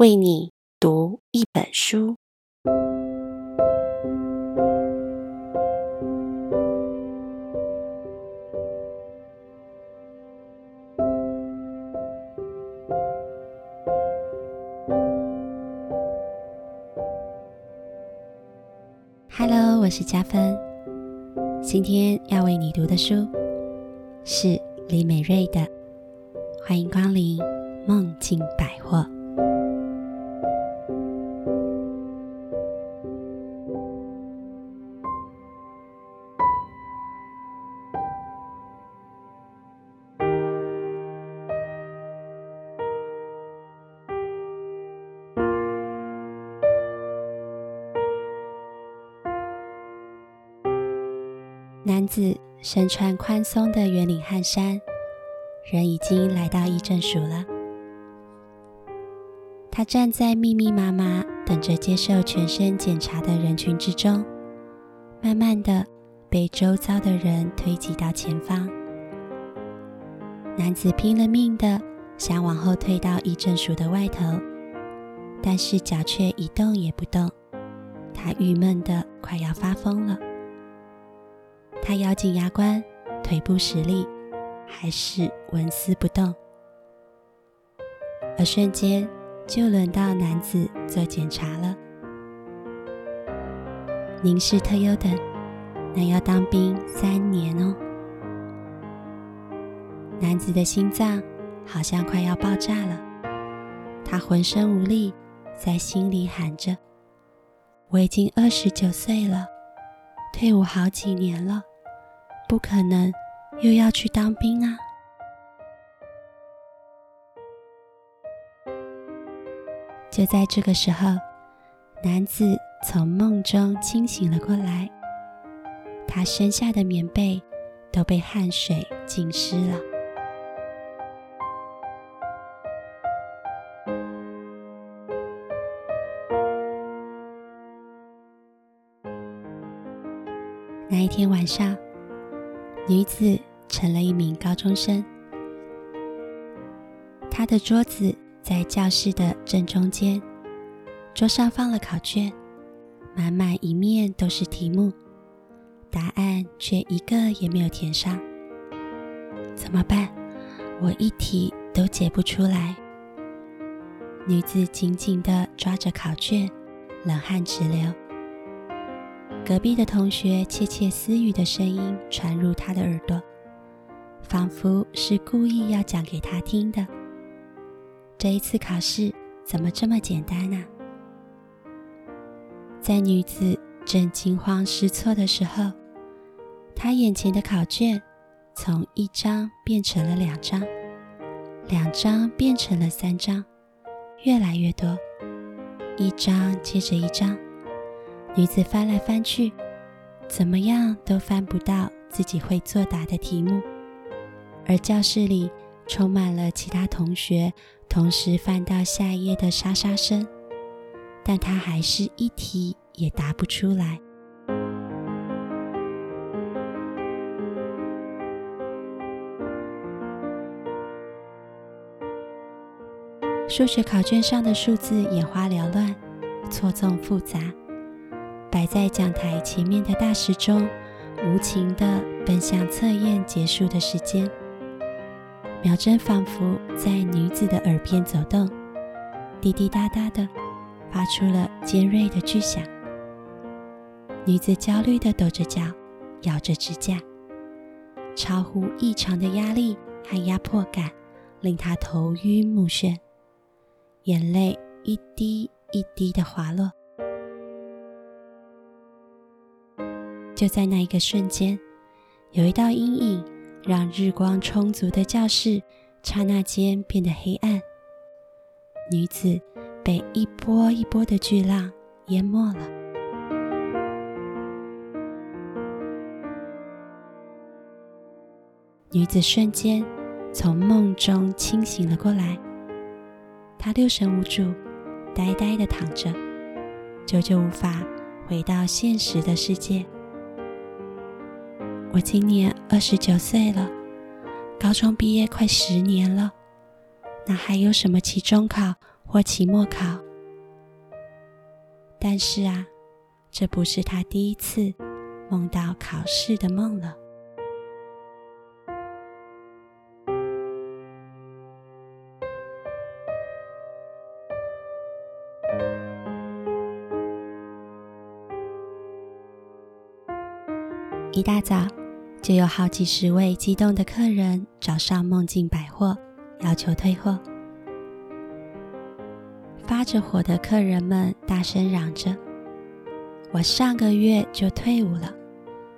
為你讀一本書。Hello，我是家芬，今天要為你讀的書是李美芮的《歡迎光臨夢境百貨》。身穿寬鬆的圓領汗衫，人已經來到役政署了。他站在密密麻麻、等着接受全身檢查的人群之中，慢慢的被周遭的人推擠到前方。男子拼了命的想往後退到役政署的外頭，但是腳卻一動也不動。他鬱悶的快要發瘋了。他咬緊牙關，腿部使力，還是紋絲不動。而瞬間就輪到男子做檢查了。您是特優等，那要當兵三年哦。男子的心臟好像快要爆炸了，他渾身無力，在心裡喊着：“我已經二十九歲了，退伍好幾年了。”不可能，又要去當兵啊！就在這個時候，男子從夢中清醒了過來，他身下的棉被都被汗水浸濕了。那一天晚上。女子成了一名高中生，她的桌子在教室的正中間，桌上放了考卷，滿滿一面都是題目，答案卻一個也沒有填上。怎麼辦？我一題都解不出來。女子緊緊地抓着考卷，冷汗直流。隔壁的同學竊竊私語的聲音傳入她的耳朵，仿佛是故意要講給她聽的。這一次考試怎麼這麼簡單呢、啊？在女子正驚慌失措的時候，她眼前的考卷從一張變成了兩張，兩張變成了三張，越來越多，一張接着一張。女子翻來翻去，怎麼樣都翻不到自己會作答的題目，而教室裡充滿了其他同學同時翻到下一頁的沙沙聲，但她還是一題也答不出來。數學考卷上的數字眼花繚亂，錯綜複雜。擺在講台前面的大時鐘無情地奔向測驗結束的時間，秒針仿佛在女子的耳邊走動，滴滴答答地發出了尖銳的巨響。女子焦慮地抖着腳，咬着指甲，超乎異常的壓力和壓迫感令她頭暈目眩，眼淚一滴一滴地滑落。就在那一個瞬間，有一道陰影讓日光充足的教室剎那間變得黑暗。女子被一波一波的巨浪淹沒了。女子瞬間從夢中清醒了過來，她六神無主，呆呆的躺着，久久無法回到現實的世界。我今年二十九歲了，高中畢業快十年了，哪還有什麼期中考、或期末考？但是啊，這不是他第一次夢到考試的夢了。一大早。就有好幾十位激動的客人找上夢境百貨，要求退貨。發着火的客人們大聲嚷着：“我上個月就退伍了，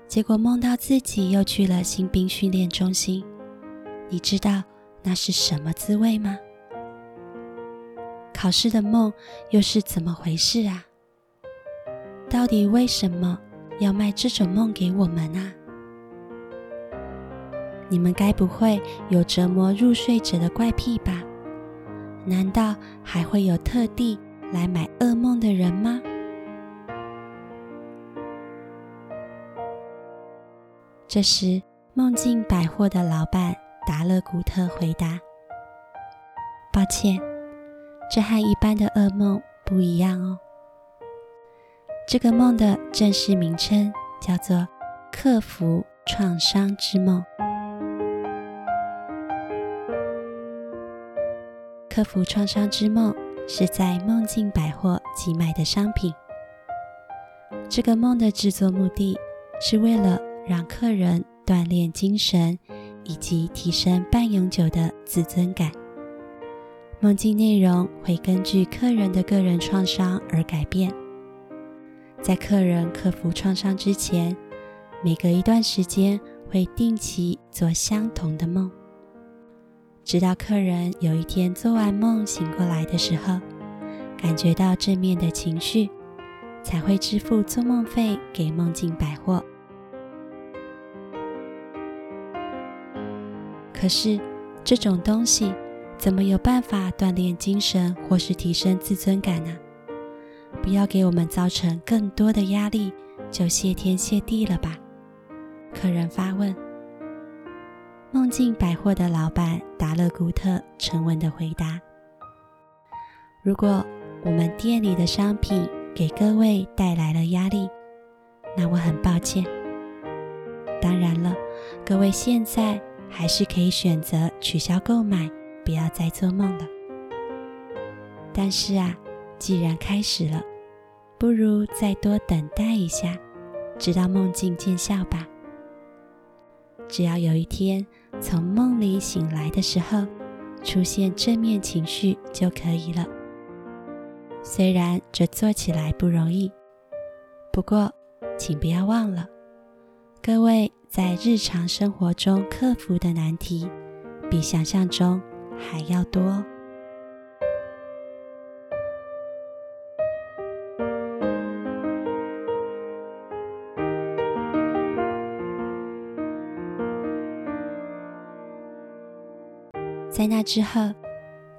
結果夢到自己又去了新兵訓練中心。你知道那是什麼滋味嗎？考試的夢又是怎麼回事啊？到底為什麼要賣這種夢給我們啊？”你們該不會有折磨入睡者的怪癖吧？難道還會有特地來買噩夢的人嗎？這時，夢境百貨的老板達勒古特回答：“抱歉，這和一般的噩夢不一樣哦。這個夢的正式名稱叫做‘克服創傷之夢’。”克服創傷之夢是在夢境百貨寄賣的商品。這個夢的製作目的是為了讓客人鍛鍊精神，以及提升半永久的自尊感。夢境內容會根據客人的個人創傷而改變。在客人克服創傷之前，每隔一段時間會定期做相同的夢。直到客人有一天做完夢醒過來的時候，感覺到正面的情緒，才會支付做夢費給夢境百貨。可是這種東西怎麼有辦法鍛鍊精神或是提升自尊感呢？不要給我們造成更多的壓力，就謝天謝地了吧。客人發問。夢境百貨的老闆達勒古特沉穩地回答：“如果我們店裡的商品給各位帶來了壓力，那我很抱歉。當然了，各位現在還是可以選擇取消購買，不要再做夢了。但是啊，既然開始了，不如再多等待一下，直到夢境見效吧。只要有一天。”從夢裡醒來的時候，出現正面情緒就可以了。雖然這做起來不容易，不過請不要忘了，各位在日常生活中克服的難題，比想象中還要多。在那之後，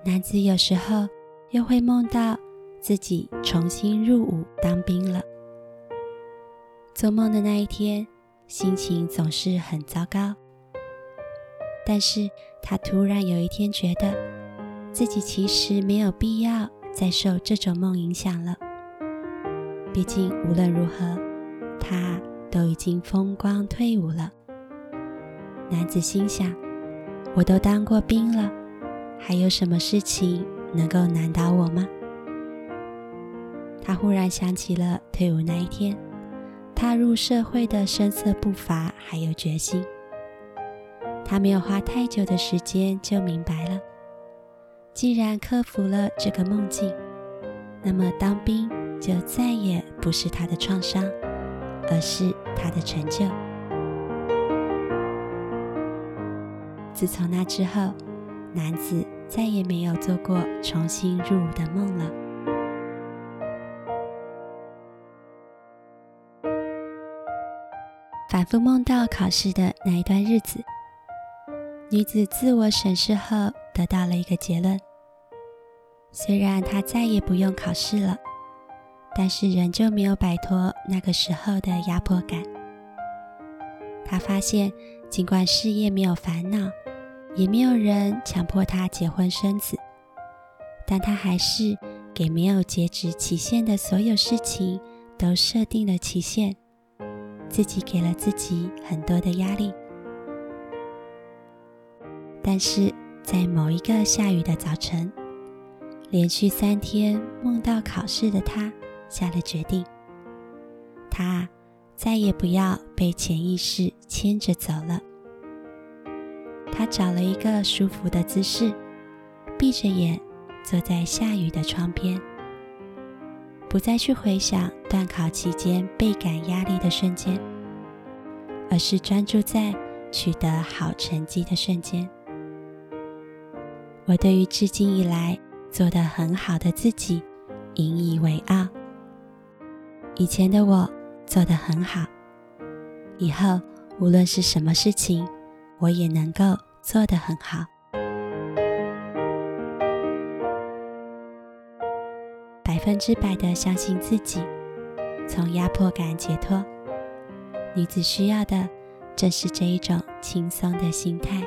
男子有時候又會夢到自己重新入伍當兵了。做夢的那一天，心情總是很糟糕。但是他突然有一天覺得，自己其實沒有必要再受這種夢影響了。畢竟無論如何，他都已經風光退伍了。男子心想，我都當過兵了，還有什麼事情能夠難倒我嗎？他忽然想起了退伍那一天，踏入社會的生澀步伐，還有決心。他沒有花太久的時間就明白了，既然克服了這個夢境，那麼當兵就再也不是他的創傷，而是他的成就。自從那之後，男子再也沒有做過重新入伍的夢了。反復夢到考試的那一段日子，女子自我審視後得到了一個結論：雖然她再也不用考試了，但是仍舊沒有擺脫那個時候的壓迫感。她發現，儘管事業沒有煩惱。也沒有人強迫他結婚生子，但他還是給沒有截止期限的所有事情都設定了期限，自己給了自己很多的壓力。但是在某一個下雨的早晨，連續三天夢到考試的他下了決定，他再也不要被潛意識牽着走了。他找了一個舒服的姿勢，閉着眼坐在下雨的窗邊，不再去回想段考期間倍感壓力的瞬間，而是專注在取得好成績的瞬間。我對於至今以來做得很好的自己引以為傲。以前的我做得很好，以後無論是什麼事情。我也能夠做得很好，百分之百的相信自己，從壓迫感解脫。你只需要的正是這一種輕鬆的心態，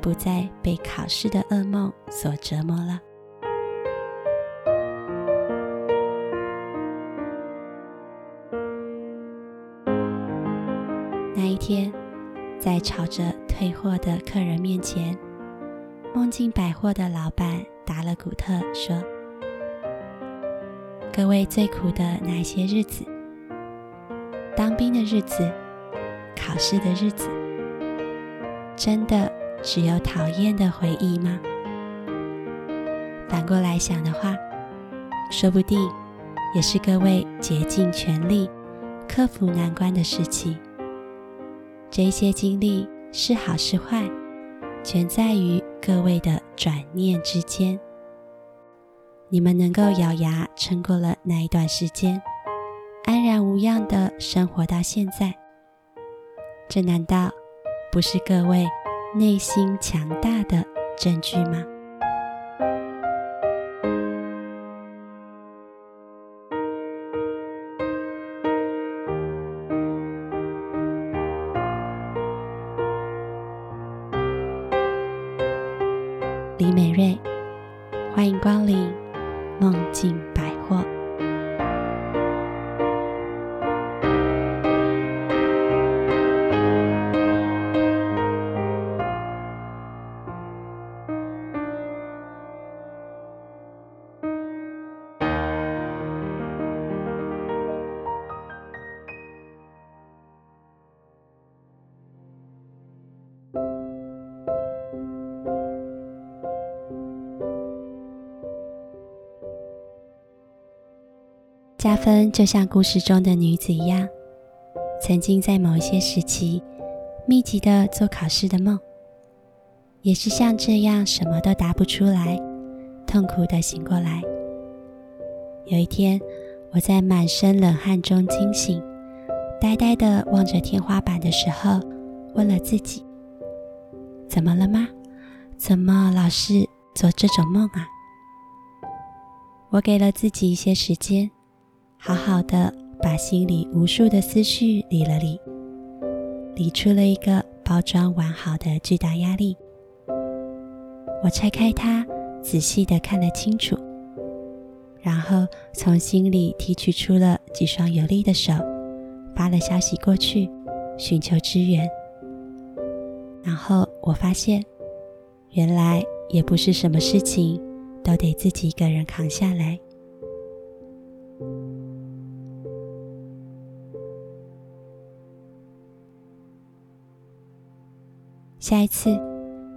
不再被考試的噩夢所折磨了。那一天。在吵着退貨的客人面前，夢境百貨的老闆達勒古特說：“各位最苦的那些日子，當兵的日子，考試的日子，真的只有討厭的回憶嗎？反過來想的話，說不定也是各位竭盡全力克服難關的時期。”這些經歷是好是壞，全在於各位的轉念之間。你們能夠咬牙撐過了那一段時間，安然無恙地生活到現在，這難道不是各位內心強大的證據嗎？家芬就像故事中的女子一樣，曾經在某一些時期密集的做考試的夢，也是像這樣什麼都答不出來，痛苦的醒過來。有一天，我在滿身冷汗中驚醒，呆呆地望着天花板的時候，問了自己：“怎麼了嗎？怎麼老是做這種夢啊？”我給了自己一些時間。好好的把心裡無數的思緒理了理，理出了一個包裝完好的巨大壓力。我拆開它，仔細的看了清楚，然後從心裡提取出了幾雙有力的手，發了消息過去尋求支援。然後我發現，原來也不是什麼事情都得自己一個人扛下來。下一次，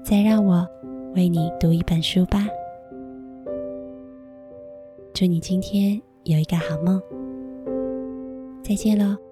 再讓我為你讀一本書吧。祝你今天有一個好夢，再見嘍。